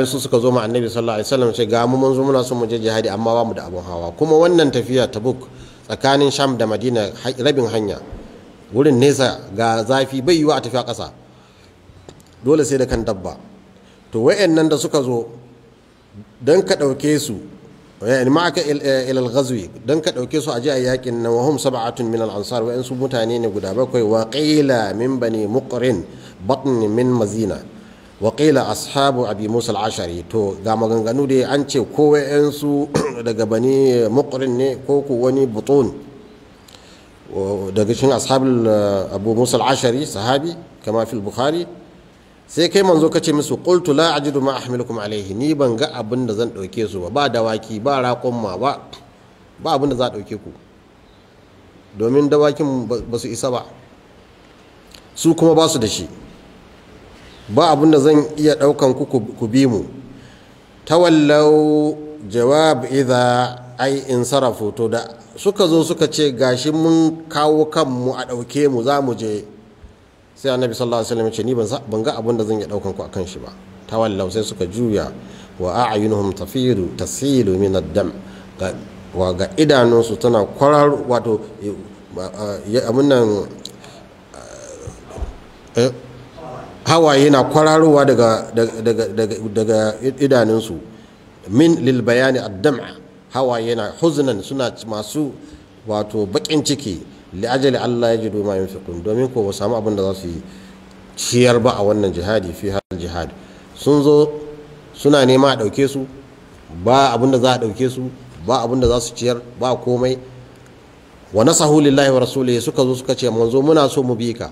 su suka zo ma annabi sallallahu alaihi wasallam sai ga mu mun zo muna son mu je jihadi amma ba mu da abun hawa kuma wannan tafiya tabuk tsakanin sham da madina rabin hanya wurin nesa ga zafi bai yiwa a tafiya a ƙasa dole sai da kan dabba to nan da suka zo don ka ɗauke su yani eh, ma'aka eh, ilal ghazwi don ka ɗauke su a ji a yakin na wahum sab'atun min al'ansar ansar wa mutane ne guda bakwai wa min bani muqrin batn min mazina wa qila ashabu abi musa to ga maganganu dai an ce ko wayansu daga bani muqrin ne ko ku wani butun daga cikin ashabul abu musa al-ashari sahabi kama fil bukhari sai kai manzo ka ce musu qultu la ajidu ma ahmilukum alaihi ni ban ga abin da zan dauke su ba ba dawaki ba raƙon ba ba abin da za a dauke ku domin dawakin ba su isa ba su kuma ba su da shi ba abin da zan iya daukan ku ku bi mu tawallau jawab idza ai in sarafu to da suka zo suka ce gashi mun kawo kanmu a ɗauke mu za mu je sai annabi sallallahu alaihi wasallam ce ni ban ga abin da zan iya daukan ku akan shi ba tawallau sai suka juya wa a'yunuhum tafiru tasilu min ad-dam wa ga idanunsu tana kwarar wato eh, eh, nan eh, hawaye na kwararowa daga idanunsu min lil bayani ad-dam'a hawaye na huznan suna masu wato bakin ciki li'ajali Allah ya ji ma yunfiqun domin ko ba samu abin da za su yi ciyar ba a wannan jihadi fi hal jihad sun zo suna nema a dauke su ba abin da za a dauke su ba abin da za su ciyar ba komai wa nasahu lillahi wa rasuli suka zo suka ce manzo muna so mu bi ka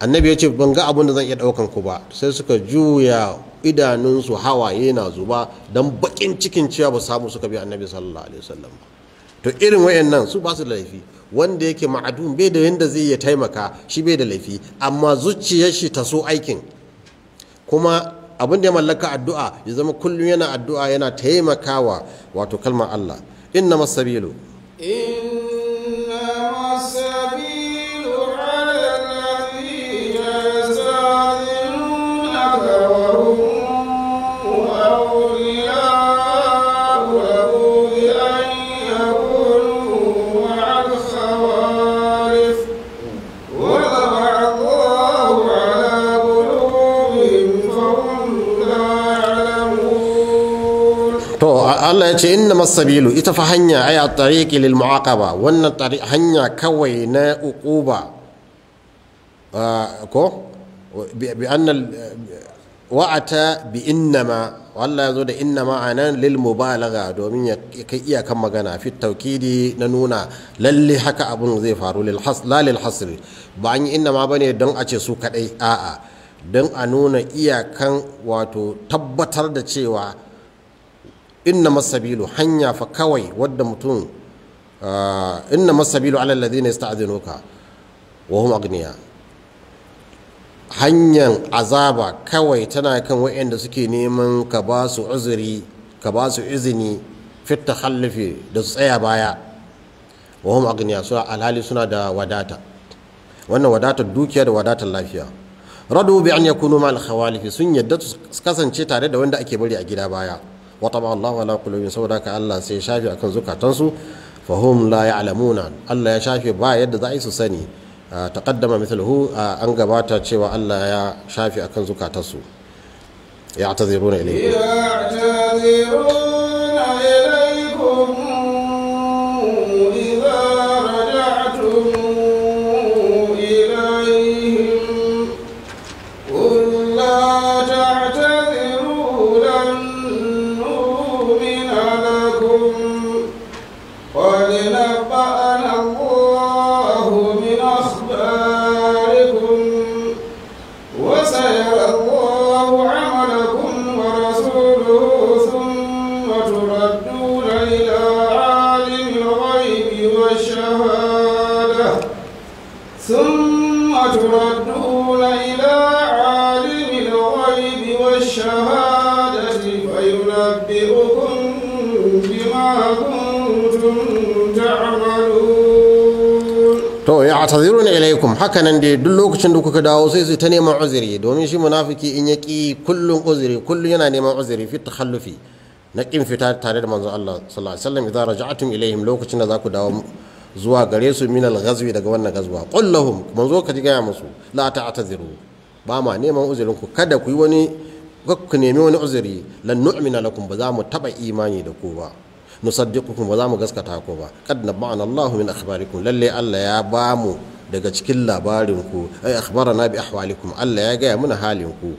annabi ya ce ban ga abin da zan iya ɗaukan ku ba sai suka juya idanunsu hawaye na zuba don baƙin cikin cewa ba samu suka bi annabi sallallahu alaihi wasallam to irin nan su ba su da laifi wanda yake ma'adun bai da yanda zai iya taimaka shi bai da laifi amma zuciyar shi ta so aikin kuma abin da ya mallaka addu'a ya zama kullum yana addu'a yana taimakawa wato kalmar Allah inna masabilu in Allah ya ce inna masabilu ita fa hanya ay at-tariqi lil muaqaba wannan hanya kawai na uquba ah, ko bi anna wa'ata bi innama Allah ya zo da innama anan lil mubalagha domin ya kai iyakan magana fi tawkidi na nuna lalle haka abun zai faru lil has la lil hasri ba an yi innama bane don a ce su kadai a'a don a nuna iyakan wato tabbatar da cewa inna masabilu hanya fa kawai wadda mutum inna masabilu ala alladhina yasta'dhinuka wa hum agniya hanyar azaba kawai tana kan waɗanda suke neman ka ba su uzuri ka ba su izini fit takhallufi da su tsaya baya wa hum agniya suna alhali suna da wadata wannan wadata dukiya da wadatar lafiya radu bi an yakunu ma al khawalifi sun yadda su kasance tare da wanda ake bari a gida baya Wata taba Allahu ala qulubihim saboda ka Allah sai ya shafe akan zukatansu fahum la ya'lamuna Allah ya shafe ba yadda za a yi su sani taqaddama mithluhu an gabata cewa Allah ya shafe akan zukatansu ya'taziruna ilayhi ya'taziruna ya'taziruna ilaikum hakanan dai duk lokacin da kuka dawo sai su ta neman uzuri domin shi munafiki in yaki kullun uzuri kullun yana neman uzuri fi takhallufi na kin fita tare da manzo Allah sallallahu alaihi wasallam idza raja'tum ilaihim lokacin da za ku dawo zuwa gare su min al-ghazwi daga wannan gazwa qul lahum manzo ka ji gaya musu la ta'taziru ba ma neman uzurin ku kada ku yi wani ku nemi wani uzuri lan nu'mina lakum ba za mu taba imani da ku ba nusaddiqukum ba za mu gaskata ku ba kad nabana Allah min akhbarikum lalle Allah ya ba mu daga cikin labarin ku ay akhbarana bi ahwalikum Allah ya gaya muna halin ku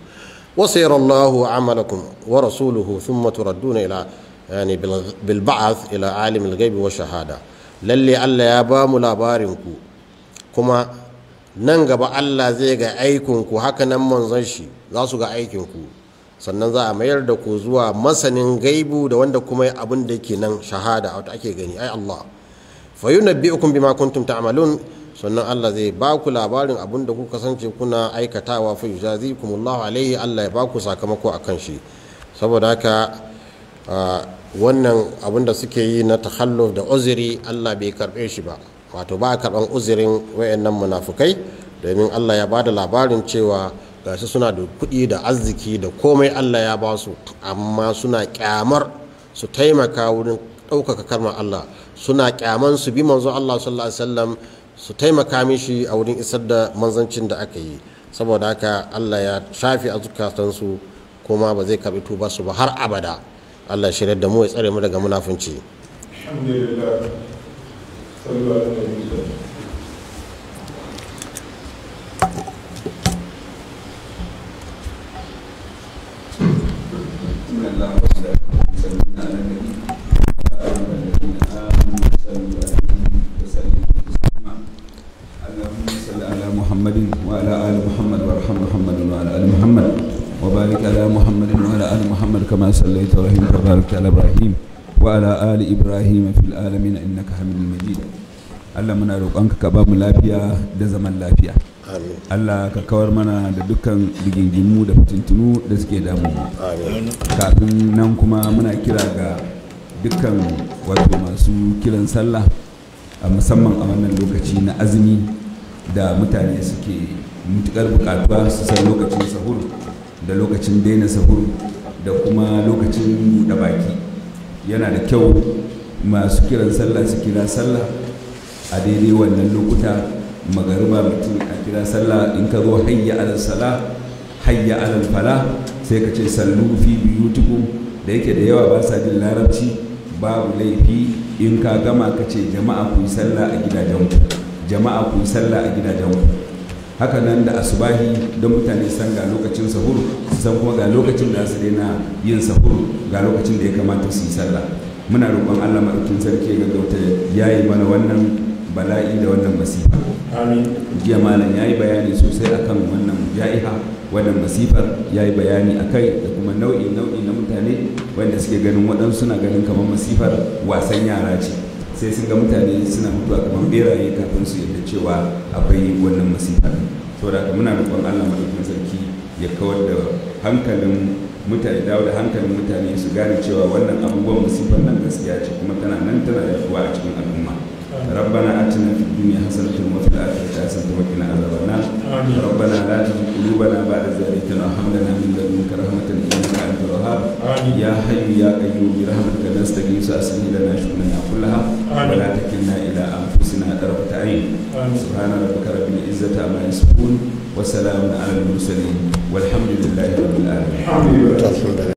wa sayarallahu amalakum wa rasuluhu thumma turadduna ila yani bil ba'ath ila alim al ghaibi wa shahada lalle Allah ya ba mu labarin ku kuma nan gaba Allah zai ga aikin ku haka nan manzon shi za su ga aikin ku sannan za a mayar da ku zuwa masanin gaibu da wanda kuma abin da ke nan shahada a wata ake gani ai Allah fa bi makuntun kuntum ta'malun sannan Allah zai ba ku labarin abin da kuka kasance kuna aikatawa fa Allah alaihi Allah ya ba ku sakamako a kan shi saboda haka wannan abin da suke yi na tahalluf da uzuri Allah bai karbe shi ba wato ba karban uzurin wayannan munafukai domin Allah ya ba da labarin cewa gashi suna da kuɗi da arziki da komai Allah ya ba su amma suna kyamar su taimaka wurin ɗaukaka karma Allah suna kyaman su bi manzon Allah sallallahu alaihi wasallam su taimaka mishi a wurin isar da manzancin da aka yi saboda haka Allah ya shafi a zukatansu kuma ba zai karɓi tuba su ba har abada Allah shi da mu ya tsare mu daga munafunci alhamdulillah sallallahu alaihi wasallam الله وسلم وسلمنا على النبي الذين آمنوا وسلموا عليه وسلموا تسليما اللهم صل على محمد وعلى آل محمد وارحم محمد وعلى آل محمد وبارك على محمد وعلى آل محمد كما صليت وباركت على إبراهيم وعلى آل إبراهيم في العالمين إنك حميد مجيد Allah muna roƙonka ka ba mu lafiya da zaman lafiya Allah ka kawar mana da dukkan rigingimu da fitintunu da suke damu kafin nan kuma muna kira ga dukkan wato masu kiran sallah a musamman a wannan lokaci na azumi da mutane suke mutukar bukatuwa su san lokacin sahur da lokacin daina sahur da kuma lokacin da baki yana da kyau masu kiran sallah su kira sallah a daidai wannan lokuta magarba mutum a kira sallah in ka zo hayya alal sala hayya alal fala sai ka ce sallu fi tuku da yake da yawa ba sa jin larabci babu laifi in ka gama ka ce jama'a ku yi sallah a ku jama'a ku yi sallah a ku haka nan da asubahi don mutane san ga lokacin sahur san kuma ga lokacin da su daina yin sahur ga lokacin da ya kamata su yi sallah muna roƙon Allah madaukin sarki ya gaggauta yayi mana wannan bala'i da wannan masifa jiya malam ya yi bayani sosai akan wannan ja'iha wannan masifar ya yi bayani a kai da kuma nau'in nau'i na mutane wanda suke ganin waɗansu suna ganin kamar masifar wasan yara ce sai sun ga mutane suna mutuwa kamar beraye kafin su yadda cewa akwai wannan masifar saboda muna roƙon allah madaukakin sarki ya kawar da hankalin mutane dawo da hankalin mutane su gane cewa wannan abubuwan masifar nan gaskiya ce kuma tana nan tana yaduwa a cikin al'umma ربنا آتنا في الدنيا حسنة وفي الآخرة حسنة وقنا عذاب النار ربنا لا تزغ قلوبنا بعد إذ هديتنا وهب لنا من لدنك رحمة إنك أنت الوهاب يا حي يا قيوم برحمتك نستغيث أسلم لنا شؤوننا كلها ولا تكلنا إلى أنفسنا طرفة عين سبحان ربك رب العزة عما يصفون وسلام على المرسلين والحمد لله رب العالمين